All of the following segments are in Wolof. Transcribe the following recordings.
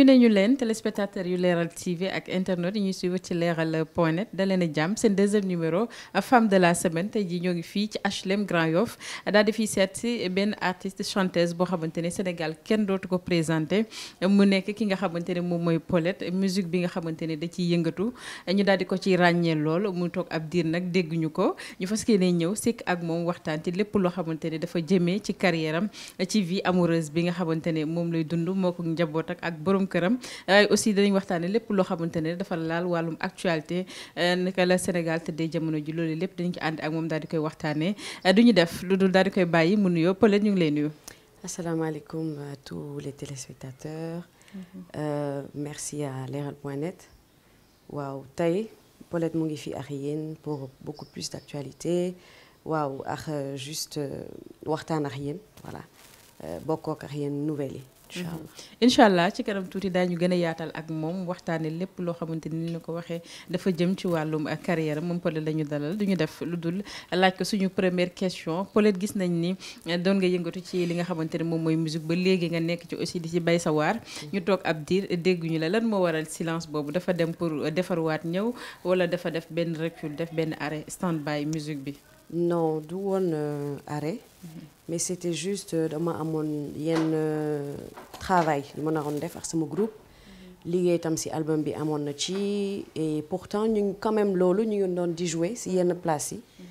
nuyu nañu leen téléspectateurs yu Leral TV ak internet yi ñuy suivre ci leral point net da leen a jàmm seen deuxième numéro femme de la semaine tey jii ñoo ngi fii ci HLM Grand Yoff daal di seet si benn artiste chanteuse boo xamante ne Sénégal kenn dootu ko présenté mu nekk ki nga xamante ne moom mooy Paulette musique bi nga xamante ne da ciy yëngatu ñu daal di ko ciy ràññee lool mu toog ab diir nag dégguñu ko ñu fas yéene ñëw sekk ak moom waxtaan ci lépp loo xamante ne dafa jëmee ci carrière ci vie amoureuse bi nga xamante ne moom lay dund moo njaboot ak ak këram waaye aussi danañ waxtaane lépp loo xamante ne dafa laal wàllum actualité euh, naka la Sénégal tëddee jamono ji loolu lépp dañu ko ànd ak moom daal di koy waxtaanee euh, du ñu def lu dul daal di koy bàyyi mu nuyoo Paulette ñu ngi lay nuyu. asalaamaaleykum à tous les téléspectateurs. Mhm. Euh, merci à leral.net waaw tey Paulette mu ngi fi ak yéen pour beaucoup plus d'actualité waaw ak euh, juste waxtaan ak yéen voilà bokkook ak yéen nouvelles yi. incha mhm. allah allah ci kanam tuuti daañu gën a yaatal ak moom waxtaane lépp loo xamante ni ñu ko waxee dafa jëm ci wàllum carrière moom Paulette la ñu dalal du ñu def lu dul laaj ko suñu première question Paulette gis nañ ni doon nga yëngatu ci li nga xamante ne moom mooy musique ba léegi nga nekk ci aussi di ci bay sa waar mhm. ñu toog ab diir dégguñu la lan moo waral silence boobu dafa dem pour defarwaat ñëw wala dafa def benn recul def benn arrêt stand by musique bi non du woon euh, arrêt mhm. mais c'était juste euh, dama amoon yenn euh, travail lu ma naroon def ak sama groupe mhm. liggéey itam si album bi amoon na ci et pourtant ñu ngi quand même loolu ñu ngi doon di jouer si yenn place yi mhm.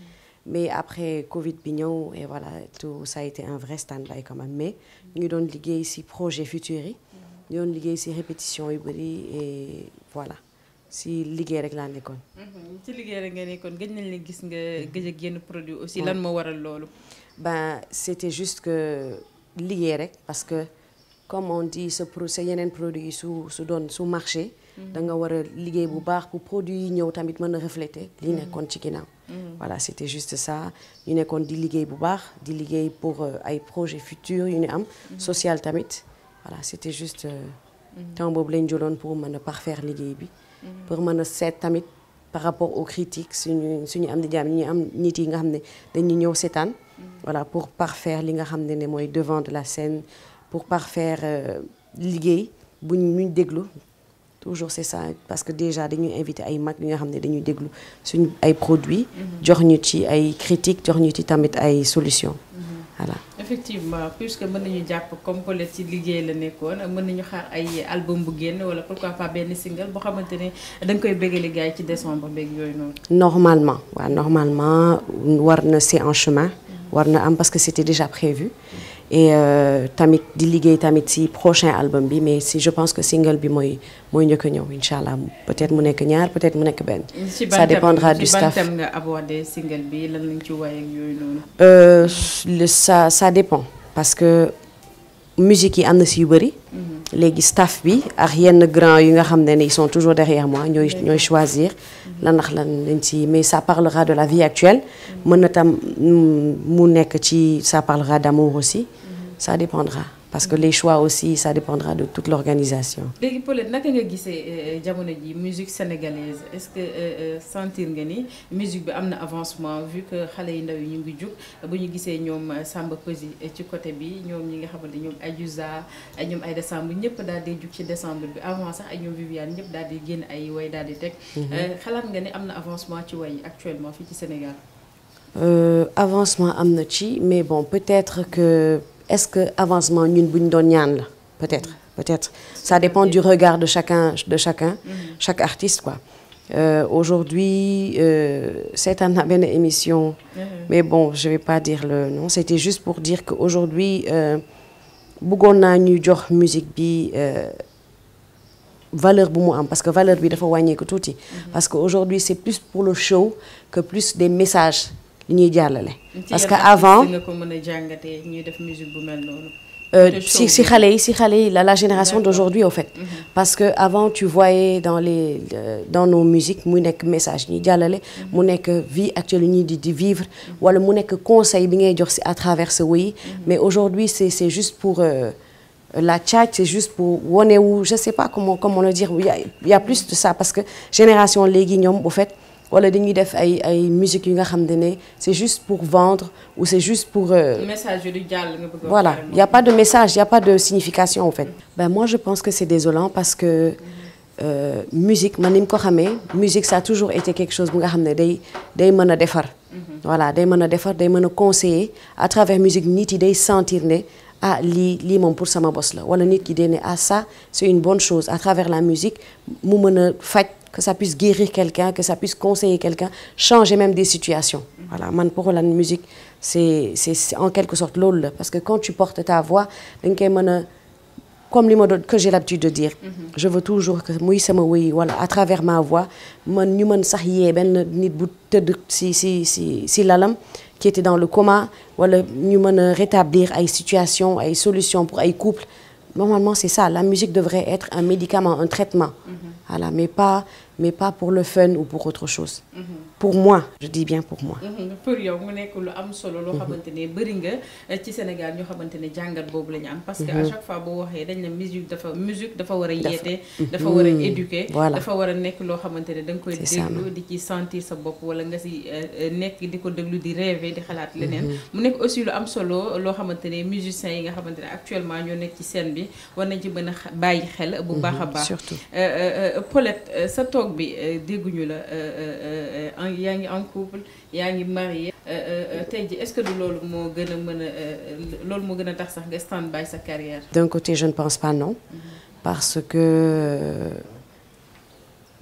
mais après Covid bi ñëw et voilà tout ça a été un vrai stand-by quand même mais ñu ngi doon liggéey si projet futur yi ñu doon liggéey si répétition yu bëri et voilà si liggéey rek laa nekkoon. ci mhm, liggéey rek nga nekkoon gëj nañ gis nga mhm. gëj a génn produit aussi lan moo waral loolu. ben c'était juste que liggéey rek parce que comme on dit sa pro yeneen produit yi su su doon su marché. Mhm. da nga war a liggéey bu baax pour produit yi ñëw tamit mën a refléter li nekkoon ci ginnaaw. voilà c'était juste ça ñu nekkoon di liggéey bu baax di liggéey pour euh, ay projet futurs yu ñu am. social tamit voilà c'était juste. Euh, temps boobu lañ jëloon pour mën a parfaire liggéey bi. pour mën a seet tamit par rapport au critiques suñu suñu am di jaam ñu am nit yi nga xam ne dañuy ñëw seetaan. voilà pour parfaire li nga xam ne ne mooy devant de la scène pour parfaire euh, liggéey bu ñu déglu toujours c'est ça parce que déjà dañuy invité ay mag li nga xam ne dañuy déglu suñu ay produits. Mm-hmm. jox ñu ci ay critiques jox ñu ci tamit ay solutions. voilà. effectivement que mën nañu jàpp comme Paulette ci liggéey la nekkoon mën nañu xaar ay album bu génn wala pourquoi pas benn single boo xamante ne da koy béggali gars yi ci décembre beeg yooyu noonu. normalement waaw normalement war na c'est en chemin. Mm-hmm. war na am parce que c'était déjà prévu. et euh, tamit di liggéey tamit si prochain album bi mais si je pense que single bi mooy mooy njëkk ñëw incha allah peut-être mu nekk ñaar peut-être mu nekk benn. ça dépendra du nga abordé single bi lan lañ ci woy ak yooyu noonu. Euh, parce que musique yi am na si yu bëri. Mhm. léegi staff bi ak yenn grands yi nga xam ne ils sont toujours derrière moi ñooy ñooy choisir mhm. lan ndax lan lañ ci mais ça parlera de la vie actuelle. Mhm. mën na tam mm, mu nekk ci ça parlera d'amour aussi. ça dépendra parce que les choix aussi ça dépendra de toute l'organisation. léegi Paulette naka nga gisee euh, jamono ji musique sénégalaise est-ce que euh, euh, sentir nga ni musique bi am na avancement vu que xale yu ndaw yi ñu ngi jug bu ñu gisee ñoom Samba Peuzzi ci côté bi ñoom ñi nga xamante ñoom Adiouza ñoom ay décembre ñëpp daal di jug ci décembre bi avant sax ay ñoom Viviane ñëpp daal di génn ay way daal di teg. Mhm. xalaat nga ni am na avancement ci way actuellement fii ci Sénégal. am na ci mais bon peut-être est-ce que avancement ñun bu ñu doon ñaan la peut-être peut-être ça dépend du regard de chacun de chacun mm-hmm. chaque artiste quoi Euh, aujourd'hui euh, c'est un benn émission mmh. mais bon je vais pas dire le nom c'était juste pour dire que aujourd'hui euh, bëggoon naa ñu jox musique bi euh, valeur bu mu am parce que valeur bi dafa wàññeeku tuuti mm-hmm. parce que aujourd'hui c'est plus pour le show que plus des messages li ñuy jàllale. parce que avant nga ko mën a jàngatee ñuy def musique bu mel noonu. Euh, si si xale yi si xale yi la la génération d'aujourd'hui au fait. Mhm. parce que avant tu voyais dans les euh, dans nos musiques mu nekk message ñuy jàllale. Mhm. mu nekk vie actuelle yi ñuy di di vivre. Mhm. wala mu nekk conseil bi ngay jox si à travers sa mais aujourd'hui c'est c'est juste pour euh, la tchatch c'est juste pour wane wu je sais pas comment a, il y a plus ça parce que génération léegi ñoom au fait. wala dañuy def ay ay musique yu nga xam ne c'est juste pour vendre ou c'est juste pour. Euh, message yu jàll voilà il y pas de message il y a pas de signification fait. ben je pense que c'est désolant parce que. Euh, musique man ni ko xamee musique ça a toujours été quelque chose bu nga xam ne day day mën a defar. Mhm. voilà day mën a defar day mën a conseiller à travers musique nit yi day sentir ne ah lii lii moom pour sama bos la wala nit ki day ne ah ça c'est une bonne chose à travers la musique mu mën a faj. que ça puisse guérir quelqu'un que ça puisse conseiller quelqu'un changer même des situations voilà man pour lan musique c'est c'est en quelque sorte loolu la parce que quand tu portes ta voix dañ koy mën a comme li ma doon que j'ai l'habitude de dire mhm. je veux toujours que muy sama wéy wala à travers ma voix man ñu mën sax yee benn nit bu tëdd si si si si lalam qui était dans le coma wala ñu mën a rétablir ay situation ay solution pour ay couple Normalement, c'est ça. La musique devrait être un médicament, un traitement. Mm -hmm. Voilà, mais pas, mais pas pour le fun ou pour autre chose. Mm -hmm. pour moi je dis bien pour moi. Mm-hmm. pour yow mu nekk lu am solo loo xamante ne bëri nga eh, ci Sénégal ñoo xamante ne jàngat boobu la am. parce que mm-hmm. chaque fois boo waxee dañ la musique dafa musique dafa war a yeete. Mm-hmm. war a éduquer. dafa nekk loo xamante ne da nga koy déglu di ci sentir sa bopp wala nga si eh, eh, nekk di ko déglu di rêver di xalaat leneen. mu nekk aussi lu am solo loo xamante ne musiciens yi nga xamante ne actuellement ñoo nekk ci scène bi war nañ ci mën a bàyyi xel. bu baax a baax surtout Paulette sa toog bi dégguñu la. yaa ngi en couple yaa ngi marié euh, euh, euh, tey ji est du loolu moo gën a mën a loolu moo gën a tax sax nga stand by sa carrière d'un côté je ne pense pas non mm-hmm. parce que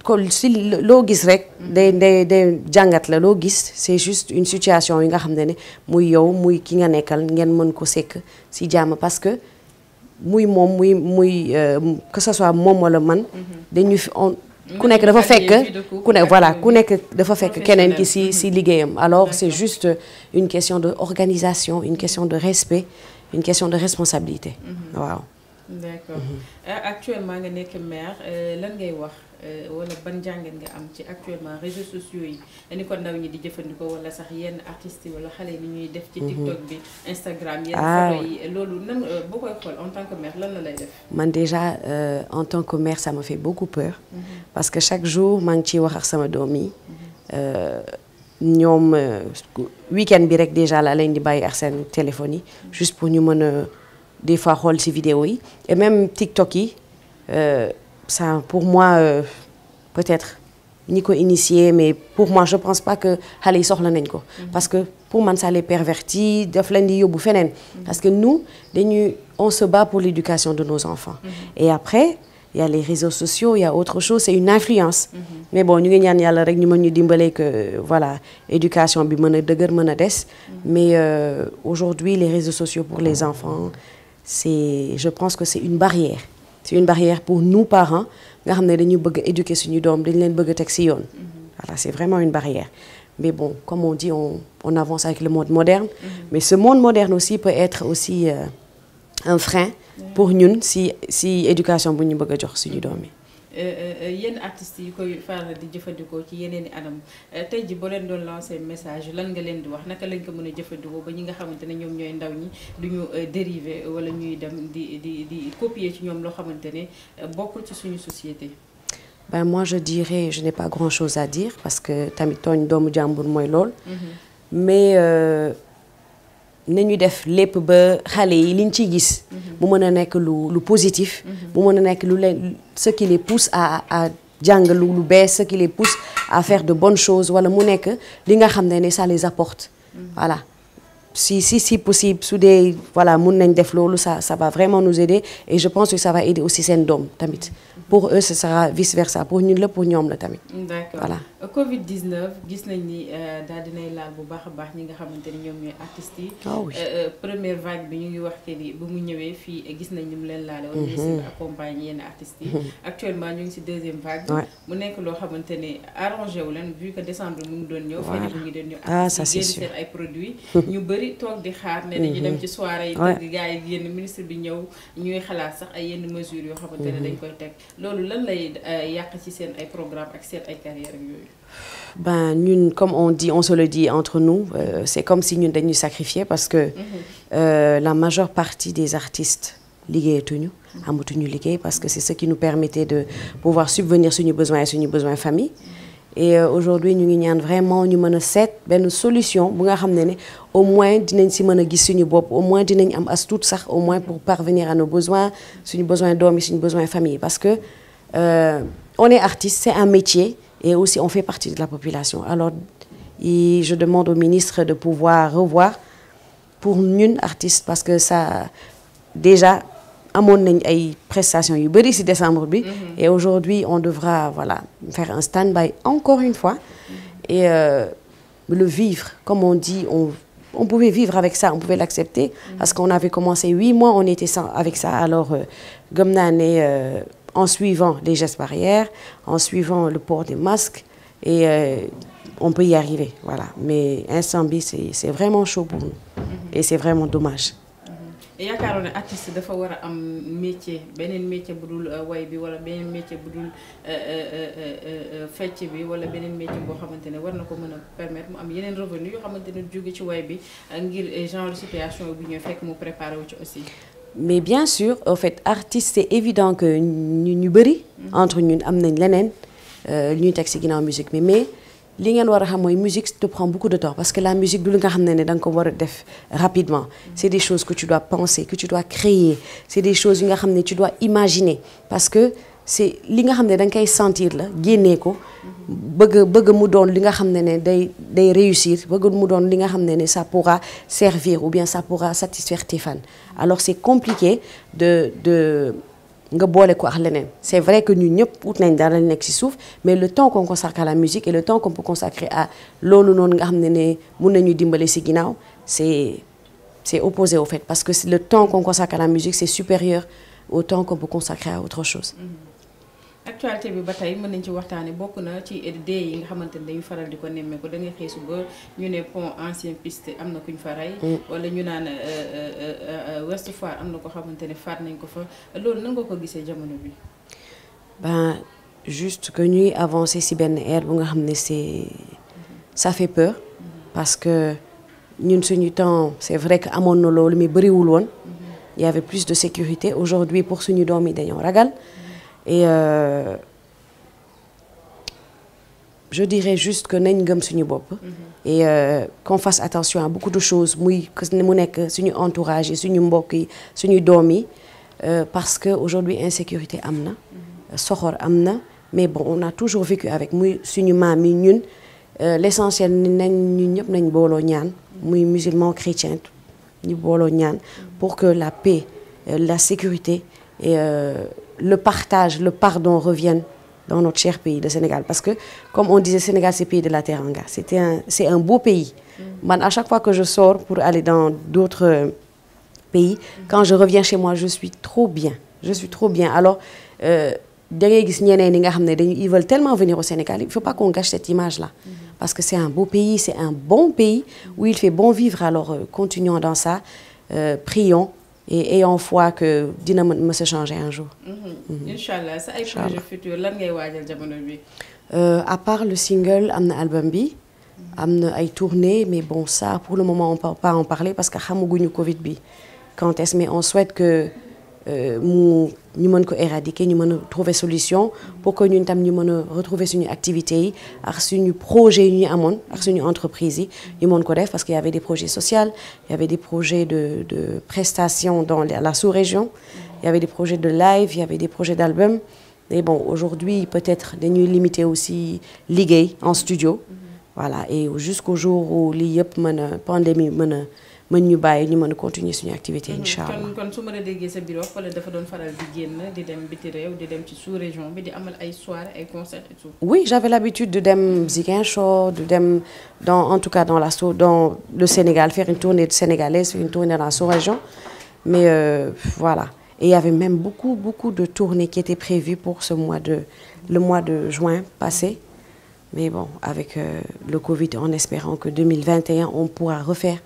kon si loo gis rek mm-hmm. day day day jàngat la loo gis c'est juste une situation yi nga xam ne ni muy yow muy ki nga nekkal ngeen mën ko sekk si jàmm parce que muy moom muy muy que ce soit moom walla man mm-hmm. dañu fi ku nekk dafa fekk ku nekk voilà ku nekk dafa fekk keneen ki si mhm. ci liggéeyam alors c'est juste une question de organisation une question de respect une question de responsabilité mhm. waaw mhm. euh, nga nekk maire euh, lan ngay wax Euh, wala ban jàngat nga am ci actuellement réseaux sociaux yi ni ko ndaw ñi di jëfandikoo wala sax yenn artistes yi xale yi ni ñuy def. ci mhm. TikTok bi Instagram. Ah yi loolu nan euh, boo koy xool en tant que mère lan lay def. man déjà euh, en tant que mère ça m'a fait beaucoup peur. Mhm. parce que chaque jour maa ngi ciy wax ak sama doom yi. Mhm. ñoom week-end bi rek déjà la leen di bàyyi ak seen téléphone yi. juste pour ñu mën a des fois xool ci vidéo yi et même TikTok yi. ça pour moi euh, peut-être ñi ko initié mais pour moi je pense pas que xale yi soxla nañ ko. Mhm. parce que pour man ça les pervertit daf leen di yóbbu feneen. Mhm. parce que nous dañuy on se bat pour l'éducation de nos enfants. Mhm. et après. il y a les réseaux sociaux il y a autre chose c'est une influence. mais ñaan yàlla rek ñu mën ñu dimbale que euh, voilà éducation bi mën a dëgër mën a des. mais euh, aujourd'hui les réseaux sociaux pour les enfants c'est je pense que c'est une barrière. c'est une barrière pour nous parents nga xam ne dañu bëgg éduquer suñu doom dañ leen bëgg teg si yoon voilà c'est vraiment une barrière mais bon comme on dit on, on avance avec le monde moderne mm-hmm. mais ce monde moderne aussi peut être aussi euh, un frein pour ñun si si éducation bu ñu bëgg a jox suñu doom yi Euh, euh, euh, yenn artistes yi koy faral di jëfandikoo ci yeneen i anam tey ji boo leen doon lancer message lan nga leen di wax naka lañ ko mën a jëfandikoo ba ñi nga xamante ne ñoom ñooy ndaw ñi duñu dériver wala ñuy dem di di di copier ci ñoom loo xamante ne bokkul ci suñu société. ben moi je dirais je n'ai pas grand chose à dire parce que tamit tooñ doomu jàmbur mooy lool. Mm-hmm. mais. nañu def lépp ba xale yi liñ ci gis. mu mën a nekk lu lu positif. mu mën a nekk lu leen ce qui les pousse à à jàng lu lu bees ce qui les pousse à faire de bonnes chose wala mu nekk li nga xam ne ne ça les apporte. voilà si si si possible su dee voilà mun nañ def loolu ça ça va vraiment nous aider et je pense que ça va aider aussi seen doom tamit. pour eux ce sera vice versa pour ñun la ñoom la tamit. d'accord voilà. Covid 19 gis nañ ni euh, daal dinay laal bu baax a baax ñi nga xamante ni ñoom ñooy artistes yi. Ah euh, euh, première vague bi ñu ngi wax que ni bu mu ñëwee fii gis nañ ni mu leen laal wala ñu si yenn artistes yi. Mhm. actuellement ñu ngi si deuxième vague. mu nekk loo xamante ne arrangé wu leen vu que décembre mu ngi doon ñëw. waaw feneen mu ngi doon ñëw. ah ça c'est sûr ay produits. ñu bëri toog di xaar ne dañuy dem mhm. ci soirée yi. yi yenn ministre bi ñëw ñuy xalaat sax ay yenn mesures yoo xamante ne mhm. dañ koy teg. loolu lan lay euh, yàq ci seen ay programme ak seen ay carrière yooyu. ben ñun comme on dit on se le dit entre nous euh, c'est comme si ñun dañuy sacrifier parce que. Mm-hmm. Euh, la majeure partie des artistes liggéeyatuñu. Mm-hmm. amatuñu liggéey parce que c'est ce qui nous permettait de pouvoir subvenir suñu besoin suñu besoin famille. et euh, aujourd'hui ñu ngi ñaan vraiment ñu mën a seet benn solution bu nga xam ne ne au moins dinañ si mën a gis suñu bopp au moins dinañ am as tout sax au moins pour parvenir à nos besoins suñu besoin doom yi suñu besoin famille parce que euh, on est artiste c'est un métier et aussi on fait partie de la population alors et je demande au ministre de pouvoir revoir pour ñun artistes parce que ça déjà amoon nañ ay prestations yu bëri ci décembre bi. Mhm. et aujourd'hui on devra voilà faire un stand-by encore une fois. Mhm. et euh, le vivre comme on dit on on pouvait vivre avec ça on pouvait l'accepter. Mhm. parce qu'on avait commencé huit mois on était sans avec ça alors gëm naa ne en suivant les gestes barrières en suivant le port des masques et euh, on peut y arriver voilà mais instant bi c'est c'est vraiment chaud pour nous. et c'est vraiment dommage. yaakaaroon ne artiste dafa war a am métier beneen métier bu dul euh, way bi wala beneen métier bu dul euh, euh, fecc bi wala beneen métier boo xamante ne war na ko mën a permettre mu am yeneen revenu yoo xamante ne jóge ci way bi ngir genre situation bi ñooy fekk mu préparé wu ci aussi. mais bien sûr en fait artiste c'est évident que ñu ñu bëri. Mm-hmm. entre ñu am nañ leneen lu ñuy teg si ginnaaw musique bi mais. li ngeen war a xam mooy musique te prend beaucoup de temps parce que la musique du li nga xam ne ne da nga ko war a def rapidement c' est des choses que tu dois penser que tu dois créer c' est des choses yi nga xam ne tu dois imaginer parce que c' li nga xam ne da nga koy sentir la génnee ko bëgg bëgg mu doon li nga xam ne ne day day réussir bëgg mu doon li nga xam ne ne ça pourra servir ou bien ça pourra satisfaire tes fan alors c' est compliqué de de nga boole ko ak leneen c'est vrai que ñun ñëpp ut nañ dara nekk si suuf mais le temps qu'on consacre à la musique et le temps qu'on peut consacrer à loolu noonu nga xam ne ne mun nañu dimbale ci ginnaaw c'est c'est opposé au fait parce que le temps qu'on consacre à la musique c'est supérieur au temps qu'on peut consacrer à autre chose. Mm-hmm. actualité bi ba tey mën nañ ci waxtaane bokk na ci dee yi nga xamante ne dañu faral di ko nemmeeku da ngay xëysu ba ñu ne pont ancien piste am na kuñ fa rey mm. wala ñu naan euh, euh, euh, Ouest Foire am na ko xamante ne faat nañ ko fa loolu nan nga ko gisee jamono bi ba juste que ñuy avancer si benn aire bu nga xam ne c'est mm-hmm. ça fait peur mm-hmm. parce que ñun suñu temps c'est vrai que amoon na loolu mais bëriwul woon mm-hmm. il y avait plus de sécurité aujourd'hui pour suñu doom yi dañoo ragal Euh, je dirais juste que nañ gëm suñu bopp. Mm-hmm. et euh, qu'on fasse attention à beaucoup de choses muy mu nekk suñu entourage yi suñu mbokk yi suñu doom yi euh, parce que aujourd'hui insécurité am na. Mm-hmm. soxor am na mais bon on a toujours vécu avec muy suñu maam yi ñun euh, l'essentiel nañ ñun ñëpp nañ booloo ñaan. muy musulman chrétien ñu booloo ñaan mm-hmm. pour que la paix la sécurité et. le partage, le pardon reviennent dans notre cher pays, le Sénégal. Parce que, comme on disait, Sénégal, c'est pays de la Teranga. C'est un, un beau pays. Mmh. à chaque fois que je sors pour aller dans d'autres euh, pays, mmh. quand je reviens chez moi, je suis trop bien. Je suis trop bien. Alors, euh, ils veulent tellement venir au Sénégal. Il ne faut pas qu'on gâche cette image-là. Mmh. Parce que c'est un beau pays, c'est un bon pays où il fait bon vivre. Alors, euh, continuons dans ça. Euh, prions et ayons foi que dina mën ma se changer un jour. Mhm. Mhm. incha allah sa ay projet futur lan ngay waajal jamono bi. Euh, à part le single am na album bi. Mhm. am na ay tournées mais bon ça pour le moment on peut pas en parler parce que xamaguñu Covid bi quand est-ce mais on souhaite que. Euh, mu ñu mën ko éradiquer ñu mën a trouver solution pour que ñun tam ñu mën a su suñu activité yi ak suñu projet yi ñu amoon ak suñu entreprise yi ñu mën ko def parce qu'il y avait des projets sociaux il y avait des projets de de la sous-région il y avait des projets de live il y avait des projets d'album bon aujourd'hui peut-être dañuy limiter aussi liggéey en studio mm-hmm. et jusqu'au jour où lii yëpp mën a pandémie mën mën ñu bàyyi ñu mën a continuer suñu activité mhm. incha allah. kon su ma la déggee sa bureau wala dafa doon faral di génn di dem biti réew di dem ci sous région bi di amal ay soirées ay concerts et tout. oui j'avais l'habitude de dem Ziguinchor de dem dans en tout cas dans la sous dans le Sénégal faire une tournée sénégalaise faire une tournée dans la sous-région mais euh, voilà et il y avait même beaucoup beaucoup de tournées qui étaient prévues pour ce mois de le mois de juin passé mais bon avec euh, le Covid en espérant que 2021 on pourra refaire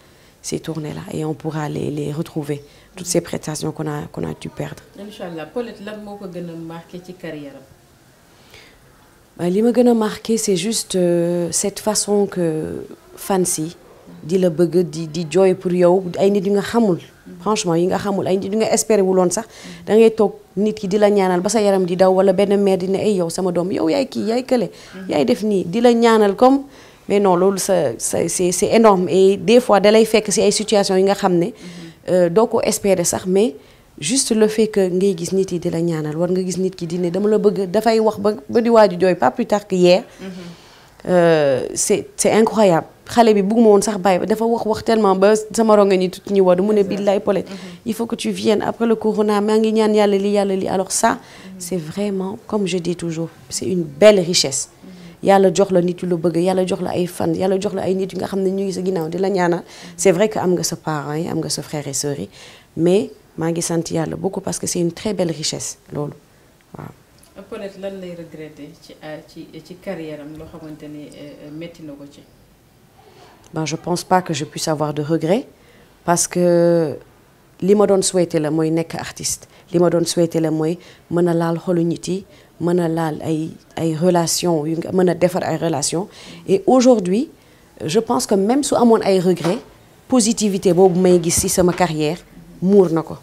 ces tournées la et on pourra les, les retrouver, toutes ces prestations qu'on a, qu'on a dû perdre. Inch'Allah, lan moo ko gën a marqué ci carrière am li ma gën a marqué c'est juste euh, cette façon que fans yi di la bëgg di di jooy pour yow ay nit yi nga xamul franchement yi nga xamul ay nit yu nga espéré wuloon sax mm. da ngay toog nit ki di la ñaanal ba sa yaram di daw wala benn mère di ne ay yow sama doom yow yaay kii yaay kële mm. yaay def nii di la ñaanal comme mais non loolu sa sa c'est c'est énorme et des fois dalay fekk ci ay situations yi nga xam ne euh, doo ko espérer sax mais juste le fait que ngay gis nit yi di la ñaanal war nga gis nit ki di ne dama la bëgg dafay wax ba ba di waaju jooy pas plus tard que hier mm-hmm. euh, c'est c'est incroyable xale bi bëgguma woon sax bàyyi ba dafa wax wax tellement ba sama ronga ñi tuuti ñu war mu ne billaay Paulette mm-hmm. il faut que tu viennes après le corona maa ngi ñaan yàlla li yàlla li alors ça mm-hmm. c'est vraiment comme je dis toujours c'est une belle richesse yàlla jox la nit yi lu bëgg yàlla jox la ay fan yàlla jox la ay nit yi nga xam ne ñu ngi sa ginnaaw di la ñaanal c'est vrai que am nga sa parents yi am nga sa frères et yi mais maa ngi sant yàlla beaucoup parce que c'est loolu waaw. Paulette lan lay regretter ci euh, ci ci carrière am loo xamante ne euh, euh, métti na ko ci. bon je pense pas que je puisse avoir de regrets parce que li ma doon souhaité la mooy nekk artiste li ma doon souhaité la mooy mën a laal xolu nit yi. mën a laal ay ay relations yu mën a defar ay relations et aujourd'hui je pense que même su amoon ay regret positivité boobu may gis ci sama carrière muur na ko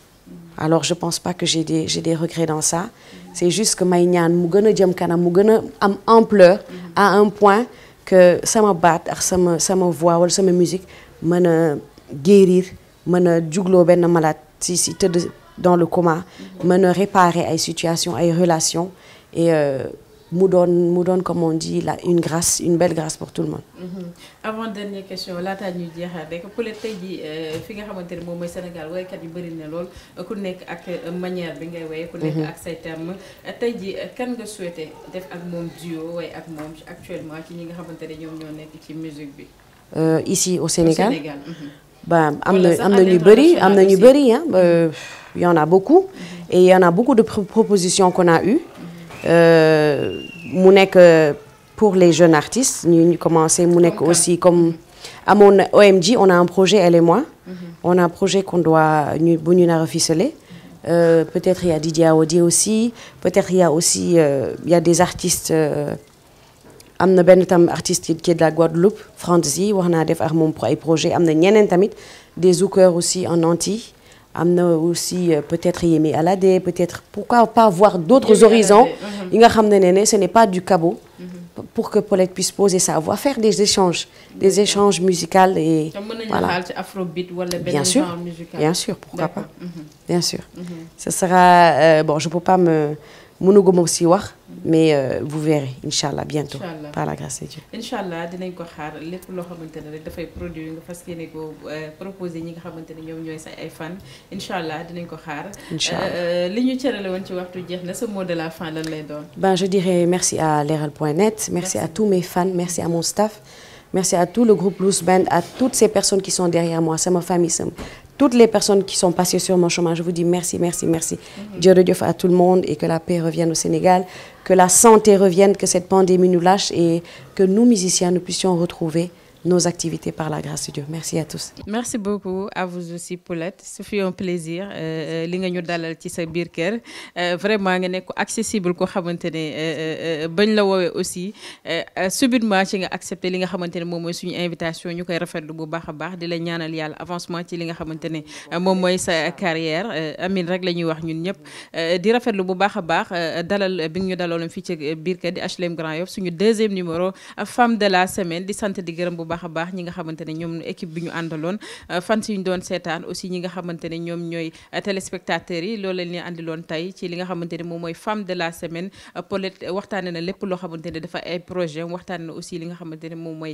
alors je pense pas que j'ai des j'ai regrets dans ça c'est juste que may ñaan mu gën a jëm kanam mu gën a am ampleur à un point que sama baat ak sama sama voix wala sama musique mën a guérir mën a jugloo benn malade si si tëdd dans le coma mën a réparer ay situation ay relations Euh, mu doon mu doon comme on dit là une grâce une belle grâce pour mm-hmm. avant dernière question laataa ñuy jeexal rek peut tey jii euh, fi nga xamante ne moom mooy Sénégal woykat yu bëri na lool ku nekk ak euh, manière bi ngay woy ku nekk mm-hmm. ak say termes tey jii kan nga def ak moom duo actuellement ci ñi nga xamante ne ñoom ñoo nekk ci musique bi. ici au Sénégal mm-hmm. ba am na am na am na ñu bëri ah y a beaucoup. et y en a beaucoup de propositions qu'on a eues. Euh, mu nekk euh, pour les jeunes artistes ñu ñu commencé mu nekk aussi comme amoon na OMG on a un projet elle et moi. Mm-hmm. on a un projet qu'on doit ñu bu ñu nar a ficeler. Euh, peut-être il y a Didier Aoudier aussi peut-être il y a aussi il y a des artistes am na benn tam artiste qui est de la Guadeloupe Franzi wax naa def ak moom ay projet am na ñeneen tamit des zoukeurs aussi en Antilles. am na aussi euh, peut-être Yemi Alade peut-être pourquoi pas voir d'autres horizons mhm. yi nga xam ne ne ce n'est pas du cabot mhm. pour que Paulette puisse poser sa voix faire des échanges des échanges musicaux et voilà bien sûr bien sûr pourquoi pas mhm. bien sûr ce sera euh, bon je peux pas me mënuguma si wax mais euh, vous verrez incha allah bientôt. par la grâce de Dieu. incha allah dinañ ko xaar lépp loo xamante ne rek dafay produit nga fas yéene ko euh, ñi nga xamante ne ñoo ñooy say ay fan incha allah dinañ ko xaar. Euh, li ñu cërale woon ci waxtu jeex na sa mot de la fin lan lay doon. ben merci à leral.net merci, merci à tous mes fans merci à mon Merci à tout le groupe Blues Band, à toutes ces personnes qui sont derrière moi, c'est ma famille, c'est toutes les personnes qui sont passées sur mon chemin. Je vous dis merci, mhm. que la santé revienne, que cette pandémie nous lâche et que nous, musiciens, nous puissions retrouver nos activités par la grâce de Dieu. Merci à tous. Merci euh, euh, li nga ñu dalal ci sa biir kër euh, vraiment nga nekk accessible ko xamante ne bañ la woowee aussi subitement ci nga accepté li nga xamante ne moom mooy suñu invitation ñu koy rafetlu bu baax a baax di la ñaanal yàlla avancement ci li nga xamante ne moom mooy sa carrière amin rek la ñuy wax ñun ñëpp di rafetlu bu baax a baax dalal bi nga ñu dalaloon fii ci biir kër di HLM Grand Yoff suñu deuxième numéro femme de la semaine di sant di gërëm bu baax a baax ñi nga xamante ne ñoom équipe bi ñu àndaloon euh, fan si ñu doon aussi ñi nga xamante ne ñoom ñooy euh, téléspectateurs yi loolu lañ leen àndiloon tey ci li nga xamante ne moom mooy femme la semaine euh, Paulette waxtaane na lépp loo xamante ne dafa projet waxtaane aussi li nga xamante ne moom mooy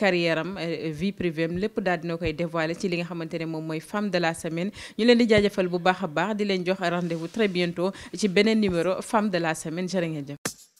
carrière am vie privée lépp daal dina koy dévoiler ci li nga xamante ne moom mooy femme de la semaine ñu leen di jaajafal bu baax a baax di leen jox rendez-vous très bientôt ci beneen numéro femme de la semaine jërë ngeen jëf